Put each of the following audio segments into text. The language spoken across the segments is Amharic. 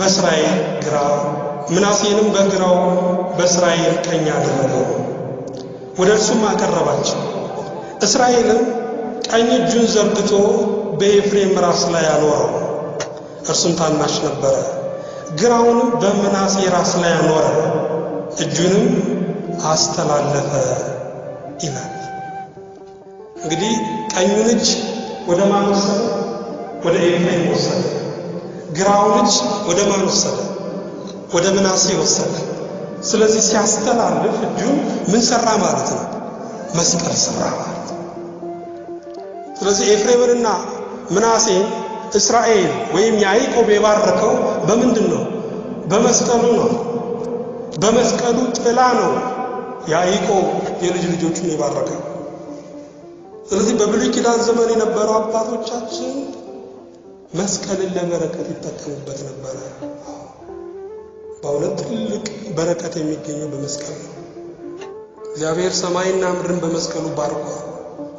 በእስራኤል ግራ ምናሴንም በግራው በእስራኤል ቀኝ አደረገው። ወደ እርሱም አቀረባቸው። እስራኤልም ቀኝ እጁን ዘርግቶ በኤፍሬም ራስ ላይ አኖረው፣ እርሱም ታናሽ ነበረ። ግራውንም በምናሴ ራስ ላይ አኖረ፣ እጁንም አስተላለፈ ይላል። እንግዲህ ቀኙን እጅ ወደ ማን ወሰደ? ወደ ኤፍሬም ወሰደ። ግራው ልጅ ወደ ማን ወሰደ? ወደ ምናሴ ወሰደ። ስለዚህ ሲያስተላልፍ እጁን ምን ሰራ ማለት ነው? መስቀል ሰራ ማለት ነው። ስለዚህ ኤፍሬምንና ምናሴን እስራኤል ወይም ያዕቆብ የባረከው በምንድን ነው? በመስቀሉ ነው። በመስቀሉ ጥላ ነው ያዕቆብ የልጅ ልጆቹን የባረከው። ስለዚህ በብሉይ ኪዳን ዘመን የነበረው አባቶቻችን መስቀልን ለበረከት ይጠቀሙበት ነበረ። በእውነት ትልቅ በረከት የሚገኘው በመስቀል ነው። እግዚአብሔር ሰማይና ምድርን በመስቀሉ ባርኳል።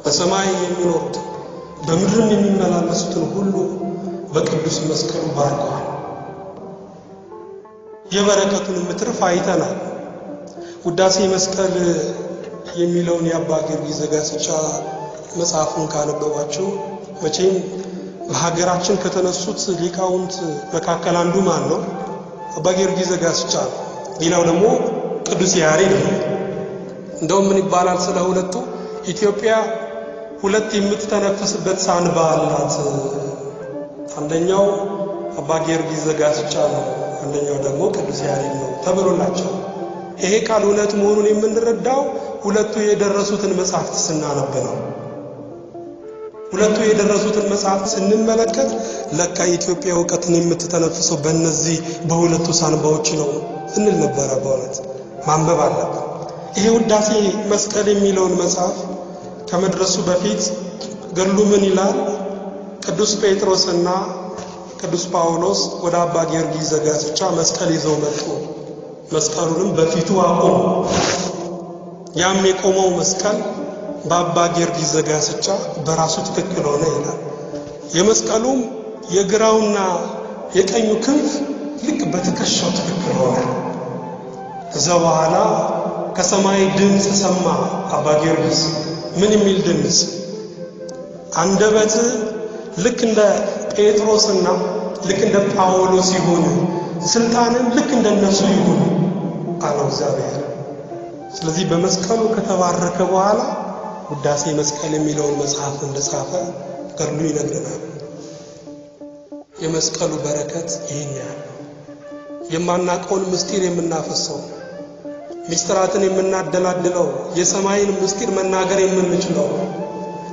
በሰማይ የሚኖሩት በምድርም የሚመላለሱትን ሁሉ በቅዱስ መስቀሉ ባርኳል። የበረከቱን ምትርፍ አይተናል። ውዳሴ መስቀል የሚለውን የአባ ጊዮርጊስ ዘጋስጫ መጽሐፉን ካነበባችሁ መቼም በሀገራችን ከተነሱት ሊቃውንት መካከል አንዱ ማን ነው? አባ ጊዮርጊስ ዘጋስጫ ነው። ሌላው ደግሞ ቅዱስ ያሬድ ነው። እንደውም ምን ይባላል ስለ ሁለቱ ኢትዮጵያ ሁለት የምትተነፍስበት ሳንባ አላት። አንደኛው አባ ጊዮርጊስ ዘጋስጫ ነው፣ አንደኛው ደግሞ ቅዱስ ያሬድ ነው ተብሎላቸው። ይሄ ቃል እውነት መሆኑን የምንረዳው ሁለቱ የደረሱትን መጽሐፍት ስናነብ ነው። ሁለቱ የደረሱትን መጽሐፍ ስንመለከት ለካ ኢትዮጵያ እውቀትን የምትተነፍሰው በእነዚህ በሁለቱ ሳንባዎች ነው እንል ነበረ። በእውነት ማንበብ አለብን። ይሄ ውዳሴ መስቀል የሚለውን መጽሐፍ ከመድረሱ በፊት ገድሉ ምን ይላል? ቅዱስ ጴጥሮስና ቅዱስ ጳውሎስ ወደ አባ ጊዮርጊስ ዘጋስጫ መስቀል ይዘው መጡ። መስቀሉንም በፊቱ አቆሙ። ያም የቆመው መስቀል በአባ ጊዮርጊስ ዘጋስጫ በራሱ ትክክል ሆነ ይላል። የመስቀሉም የግራውና የቀኙ ክንፍ ልክ በትከሻው ትክክል ሆነ። ከዛ በኋላ ከሰማይ ድምፅ ሰማ። አባ ጊዮርጊስ ምን የሚል ድምፅ? አንደበት ልክ እንደ ጴጥሮስና ልክ እንደ ጳውሎስ ይሁን፣ ስልጣንን ልክ እንደ እነሱ ይሁን አለው እግዚአብሔር። ስለዚህ በመስቀሉ ከተባረከ በኋላ ውዳሴ መስቀል የሚለውን መጽሐፍ እንደጻፈ ገድሉ ይነግረናል። የመስቀሉ በረከት ይህን ያህል የማናቀውን ምስጢር የምናፈሰው ሚስጥራትን የምናደላድለው የሰማይን ምስጢር መናገር የምንችለው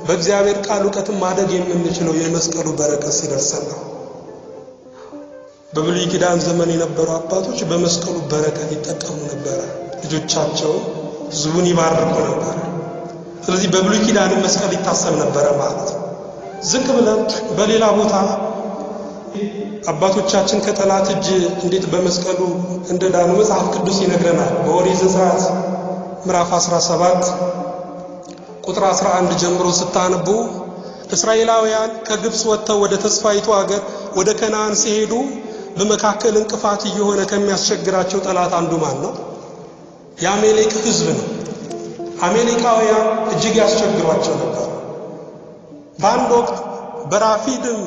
በእግዚአብሔር ቃል እውቀትን ማደግ የምንችለው የመስቀሉ በረከት ሲደርሰን ነው። በብሉይ ኪዳን ዘመን የነበሩ አባቶች በመስቀሉ በረከት ይጠቀሙ ነበረ። ልጆቻቸው ሕዝቡን ይባርኩ ነበር። ስለዚህ በብሉይ ኪዳን መስቀል ይታሰብ ነበረ ማለት ዝቅ ብለን በሌላ ቦታ አባቶቻችን ከጠላት እጅ እንዴት በመስቀሉ እንደዳኑ መጽሐፍ ቅዱስ ይነግረናል። በኦሪት ዘጸአት ምዕራፍ 17 ቁጥር 11 ጀምሮ ስታነቡ እስራኤላውያን ከግብፅ ወጥተው ወደ ተስፋይቱ አገር ወደ ከነአን ሲሄዱ በመካከል እንቅፋት እየሆነ ከሚያስቸግራቸው ጠላት አንዱ ማን ነው? የአሜሌክ ህዝብ ነው። አሜሪካውያን እጅግ ያስቸግሯቸው ነበር። በአንድ ወቅት በራፊድም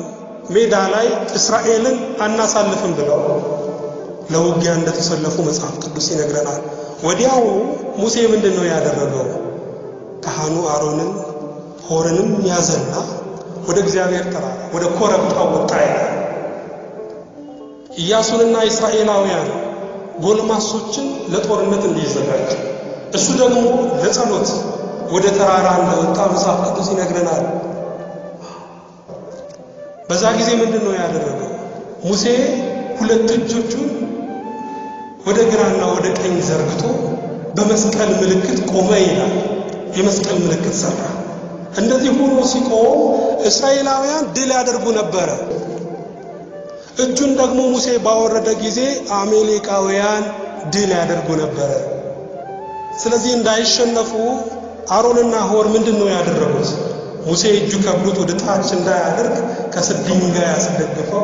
ሜዳ ላይ እስራኤልን አናሳልፍም ብለው ለውጊያ እንደተሰለፉ መጽሐፍ ቅዱስ ይነግረናል። ወዲያው ሙሴ ምንድን ነው ያደረገው? ካህኑ አሮንን ሆርንም ያዘና ወደ እግዚአብሔር ተራራ ወደ ኮረብታው ወጣ። ኢያሱንና እስራኤላውያን ጎልማሶችን ለጦርነት እንዲዘጋጅ እሱ ደግሞ ለጸሎት ወደ ተራራ እንደወጣ መጽሐፍ ቅዱስ ይነግረናል። በዛ ጊዜ ምንድን ነው ያደረገው? ሙሴ ሁለት እጆቹን ወደ ግራና ወደ ቀኝ ዘርግቶ በመስቀል ምልክት ቆመ ይላል። የመስቀል ምልክት ሰራ። እንደዚህ ሆኖ ሲቆም እስራኤላውያን ድል ያደርጉ ነበረ። እጁን ደግሞ ሙሴ ባወረደ ጊዜ አሜሌቃውያን ድል ያደርጉ ነበረ። ስለዚህ እንዳይሸነፉ አሮንና ሆር ምንድን ነው ያደረጉት? ሙሴ እጁ ከብሉት ወደ ታች እንዳያደርግ ከስድኝ ጋር ያስደግፈው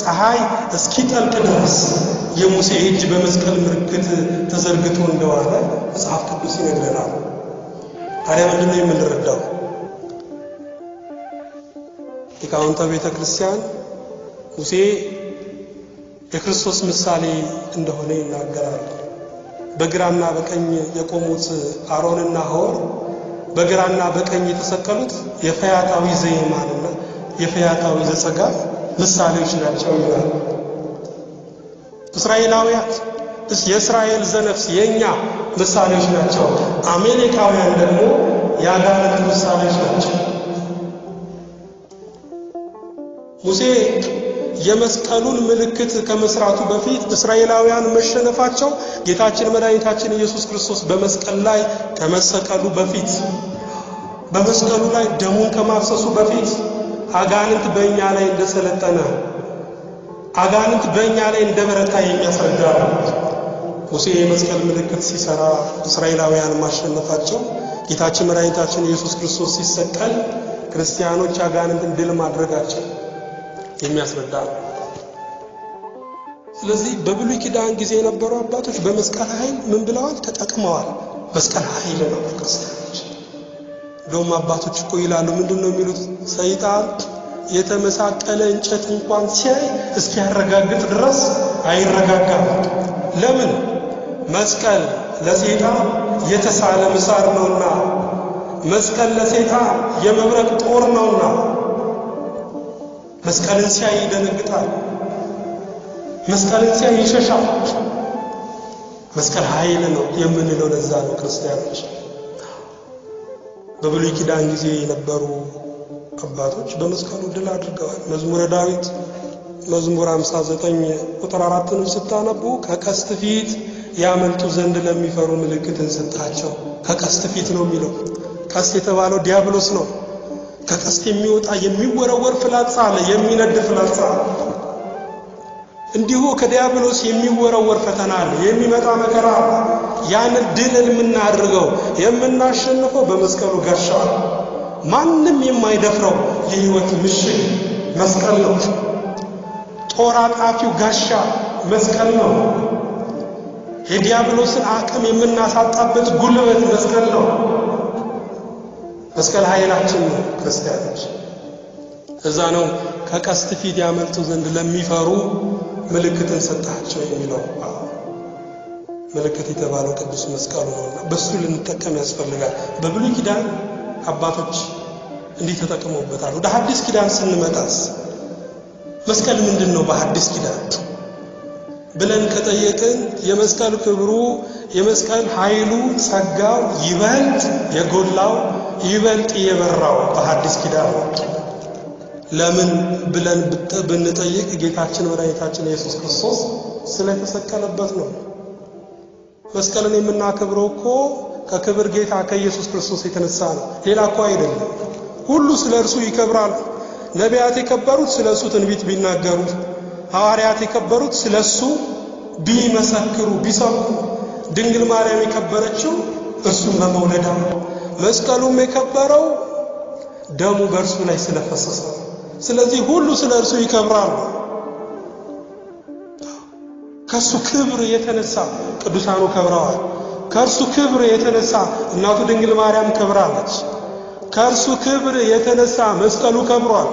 ፀሐይ እስኪጠልቅ ድረስ የሙሴ እጅ በመስቀል ምልክት ተዘርግቶ እንደዋለ መጽሐፍ ቅዱስ ይነግረናል። ታዲያ ምንድን ነው የምንረዳው? ሊቃውንተ ቤተ ክርስቲያን ሙሴ የክርስቶስ ምሳሌ እንደሆነ ይናገራል። በግራና በቀኝ የቆሙት አሮንና ሆር በግራና በቀኝ የተሰቀሉት የፈያታዊ ዘይማንና የፈያታዊ ዘጸጋ ምሳሌዎች ናቸው ይላል። እስራኤላውያት የእስራኤል ዘነፍስ የእኛ ምሳሌዎች ናቸው። አሜሪካውያን ደግሞ የአጋንንት ምሳሌዎች ናቸው። ሙሴ የመስቀሉን ምልክት ከመስራቱ በፊት እስራኤላውያን መሸነፋቸው ጌታችን መድኃኒታችን ኢየሱስ ክርስቶስ በመስቀል ላይ ከመሰቀሉ በፊት በመስቀሉ ላይ ደሙን ከማፍሰሱ በፊት አጋንንት በእኛ ላይ እንደሰለጠነ አጋንንት በእኛ ላይ እንደበረታ የሚያስረዳ ነው። ሙሴ የመስቀል ምልክት ሲሰራ እስራኤላውያን ማሸነፋቸው፣ ጌታችን መድኃኒታችን ኢየሱስ ክርስቶስ ሲሰቀል ክርስቲያኖች አጋንንትን ድል ማድረጋቸው የሚያስረዳ ነው። ስለዚህ በብሉይ ኪዳን ጊዜ የነበሩ አባቶች በመስቀል ኃይል ምን ብለዋል? ተጠቅመዋል። መስቀል ኃይል ነው ክርስቲያኖች። እንደውም አባቶች እኮ ይላሉ ምንድን ነው የሚሉት? ሰይጣን የተመሳቀለ እንጨት እንኳን ሲያይ እስኪያረጋግጥ ድረስ አይረጋጋም። ለምን? መስቀል ለሰይጣን የተሳለ ምሳር ነውና፣ መስቀል ለሰይጣን የመብረቅ ጦር ነውና መስቀልን ሲያይ ይደነግጣል። መስቀልን ሲያይ ይሸሻል። መስቀል ኃይል ነው የምንለው ለዛ ነው። ክርስቲያኖች በብሉይ ኪዳን ጊዜ የነበሩ አባቶች በመስቀሉ ድል አድርገዋል። መዝሙረ ዳዊት መዝሙር 59 ቁጥር አራትን ስታነቡ ከቀስት ፊት ያመልጡ ዘንድ ለሚፈሩ ምልክትን ሰጣቸው። ከቀስት ፊት ነው የሚለው። ቀስት የተባለው ዲያብሎስ ነው። ከቀስት የሚወጣ የሚወረወር ፍላጻ አለ፣ የሚነድ ፍላጻ እንዲሁ ከዲያብሎስ የሚወረወር ፈተና አለ፣ የሚመጣ መከራ አለ። ያንን ድል የምናድርገው የምናሸንፈው በመስቀሉ ጋሻ ነው። ማንም የማይደፍረው የህይወት ምሽግ መስቀል ነው። ጦር አጣፊው ጋሻ መስቀል ነው። የዲያብሎስን አቅም የምናሳጣበት ጉልበት መስቀል ነው። መስቀል ኃይላችን ነው። ክርስቲያኖች እዛ ነው ከቀስት ፊት ያመልጡ ዘንድ ለሚፈሩ ምልክትን ሰጣቸው የሚለው ምልክት የተባለው ቅዱስ መስቀሉ ነው። በሱ ልንጠቀም ያስፈልጋል። በብሉይ ኪዳን አባቶች እንዲህ ተጠቅመውበታል። ወደ ሐዲስ ኪዳን ስንመጣስ መስቀል ምንድን ነው? በሐዲስ ኪዳን ብለን ከጠየቅን የመስቀል ክብሩ የመስቀል ኃይሉ ጸጋው ይበልጥ የጎላው ይበልጥ የበራው በሐዲስ ኪዳን ለምን ብለን ብንጠይቅ ጌታችን መድኃኒታችን ኢየሱስ ክርስቶስ ስለተሰቀለበት ነው። መስቀልን የምናከብረው እኮ ከክብር ጌታ ከኢየሱስ ክርስቶስ የተነሳ ነው። ሌላ እኮ አይደለም። ሁሉ ስለ እርሱ ይከብራል። ነቢያት የከበሩት ስለ እሱ ትንቢት ቢናገሩ፣ ሐዋርያት የከበሩት ስለ እሱ ቢመሰክሩ ቢሰብኩ ድንግል ማርያም የከበረችው እርሱን በመውለዳ ነው። መስቀሉም የከበረው ደሙ በእርሱ ላይ ስለፈሰሰ ነው። ስለዚህ ሁሉ ስለ እርሱ ይከብራሉ። ከሱ ክብር የተነሳ ቅዱሳኑ ከብረዋል። ከእርሱ ክብር የተነሳ እናቱ ድንግል ማርያም ከብራለች። ከእርሱ ክብር የተነሳ መስቀሉ ከብሯል።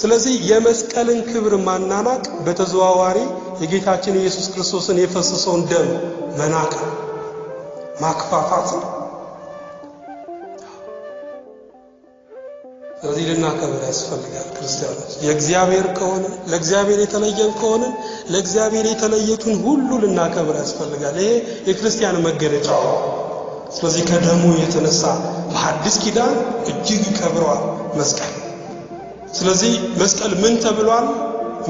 ስለዚህ የመስቀልን ክብር ማናናቅ በተዘዋዋሪ የጌታችን ኢየሱስ ክርስቶስን የፈሰሰውን ደም መናቅ ማክፋፋት ነው። ስለዚህ ልናከብር ያስፈልጋል። ክርስቲያኖች የእግዚአብሔር ከሆነ ለእግዚአብሔር የተለየን ከሆነ ለእግዚአብሔር የተለየቱን ሁሉ ልናከብር ያስፈልጋል። ይሄ የክርስቲያን መገለጫ ነው። ስለዚህ ከደሙ የተነሳ በሐዲስ ኪዳን እጅግ ይከብረዋል መስቀል ስለዚህ መስቀል ምን ተብሏል?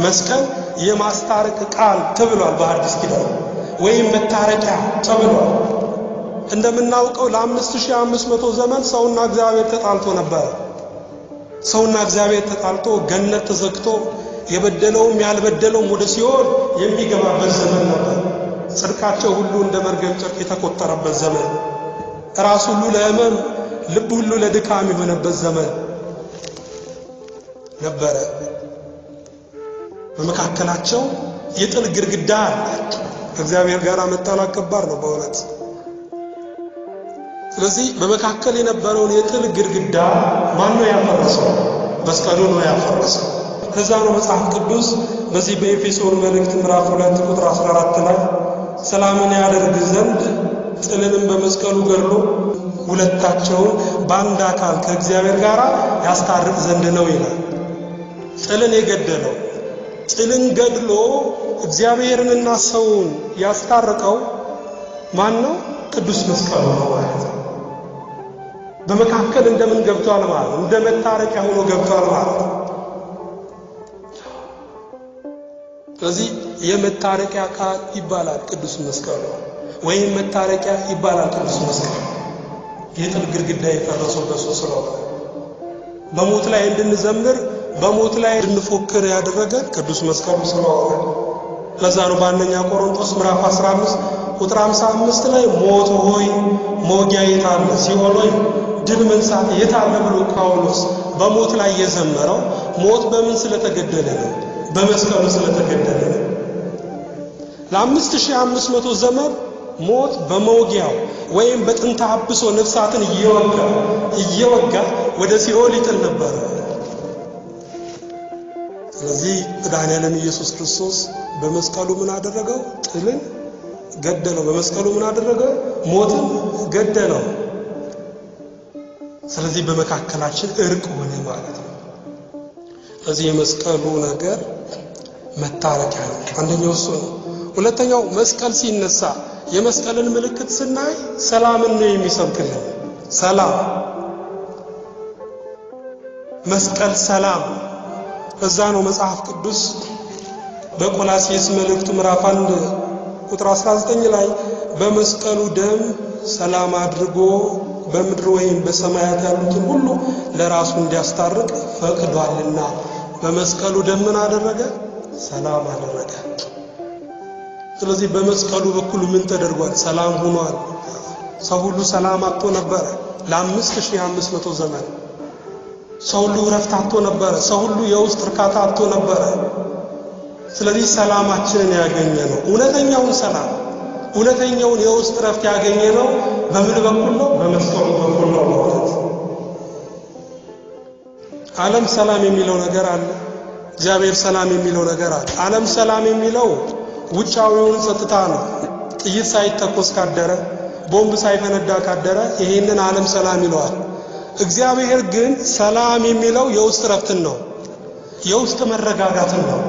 መስቀል የማስታረቅ ቃል ተብሏል በሐዲስ ኪዳን ወይም መታረቂያ ተብሏል። እንደምናውቀው ለ5500 ዘመን ሰውና እግዚአብሔር ተጣልቶ ነበረ። ሰውና እግዚአብሔር ተጣልቶ ገነት ተዘግቶ የበደለውም ያልበደለውም ወደ ሲሆን የሚገባበት ዘመን ነበር። ጽድቃቸው ሁሉ እንደ መርገም ጨርቅ የተቆጠረበት ዘመን፣ ራስ ሁሉ ለሕመም፣ ልብ ሁሉ ለድካም የሆነበት ዘመን ነበረ። በመካከላቸው የጥል ግድግዳ አላቸው። ከእግዚአብሔር ጋር መጣላት ከባድ ነው በእውነት። ስለዚህ በመካከል የነበረውን የጥል ግድግዳ ማን ነው ያፈረሰው? መስቀሉ ነው ያፈረሰው። ከዛ ነው መጽሐፍ ቅዱስ በዚህ በኤፌሶን መልእክት ምዕራፍ 2 ቁጥር 14 ላይ ሰላምን ያደርግ ዘንድ ጥልንም በመስቀሉ ገድሎ ሁለታቸውን በአንድ አካል ከእግዚአብሔር ጋር ያስታርቅ ዘንድ ነው ይላል። ጥልን የገደለው ጥልን ገድሎ እግዚአብሔርንና ሰውን ያስታረቀው ማን ነው? ቅዱስ መስቀሉ ነው ማለት ነው። በመካከል እንደምን ገብቷል ማለት ነው። እንደ መታረቂያ ሆኖ ገብቷል ማለት ነው። ስለዚህ የመታረቂያ ቃል ይባላል ቅዱስ መስቀሉ ወይም መታረቂያ ይባላል ቅዱስ መስቀሉ። የጥል ግድግዳ የፈረሰው በሱ ስለሆነ በሞት ላይ እንድንዘምር በሞት ላይ እንድንፎክር ያደረገን ቅዱስ መስቀሉ ስለሆነ ለዛ ነው። በአንደኛ ቆሮንቶስ ምዕራፍ 15 ቁጥር 55 ላይ ሞት ሆይ መውጊያ የታለ? ሲኦል ሆይ ድል መንሳት የታለ? ብሎ ጳውሎስ በሞት ላይ የዘመረው ሞት በምን ስለተገደለ ነው? በመስቀሉ ስለተገደለ ነው። ለ5500 ዘመን ሞት በመውጊያው ወይም በጥንተ አብሶ ነፍሳትን እየወጋ እየወጋ ወደ ሲኦል ይጥል ነበረ። ስለዚህ መድኃኔዓለም ኢየሱስ ክርስቶስ በመስቀሉ ምን አደረገው? ጥልን ገደለው። በመስቀሉ ምን አደረገው? ሞትን ገደለው። ስለዚህ በመካከላችን እርቅ ሆነ ማለት ነው። ስለዚህ የመስቀሉ ነገር መታረቂያ ነው። አንደኛው እሱ ነው። ሁለተኛው መስቀል ሲነሳ የመስቀልን ምልክት ስናይ ሰላምን ነው የሚሰብክልን። ሰላም መስቀል ሰላም በዛ ነው መጽሐፍ ቅዱስ በቆላሲስ መልእክቱ ምዕራፍ 1 ቁጥር 19 ላይ በመስቀሉ ደም ሰላም አድርጎ በምድር ወይም በሰማያት ያሉትን ሁሉ ለራሱ እንዲያስታርቅ ፈቅዷልና። በመስቀሉ ደም ምን አደረገ? ሰላም አደረገ። ስለዚህ በመስቀሉ በኩል ምን ተደርጓል? ሰላም ሆኗል። ሰው ሁሉ ሰላም አጥቶ ነበረ ለ 5500 ዘመን ሰው ሁሉ እረፍት አጥቶ ነበረ። ሰው ሁሉ የውስጥ እርካታ አጥቶ ነበረ። ስለዚህ ሰላማችንን ያገኘ ነው እውነተኛውን ሰላም እውነተኛውን የውስጥ እረፍት ያገኘ ነው በምን በኩል ነው? በመስቀሉ በኩል ነው ማለት ዓለም ሰላም የሚለው ነገር አለ። እግዚአብሔር ሰላም የሚለው ነገር አለ። ዓለም ሰላም የሚለው ውጫዊውን ጸጥታ ነው። ጥይት ሳይተኮስ ካደረ፣ ቦምብ ሳይፈነዳ ካደረ ይሄንን ዓለም ሰላም ይለዋል። እግዚአብሔር ግን ሰላም የሚለው የውስጥ ረፍትን ነው፣ የውስጥ መረጋጋትን ነው።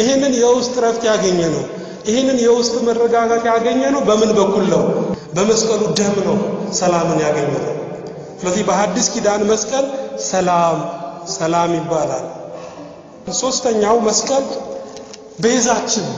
ይህንን የውስጥ ረፍት ያገኘ ነው። ይህንን የውስጥ መረጋጋት ያገኘ ነው በምን በኩል ነው? በመስቀሉ ደም ነው ሰላምን ያገኘ ነው። ስለዚህ በሐዲስ ኪዳን መስቀል ሰላም ሰላም ይባላል። ሶስተኛው መስቀል ቤዛችን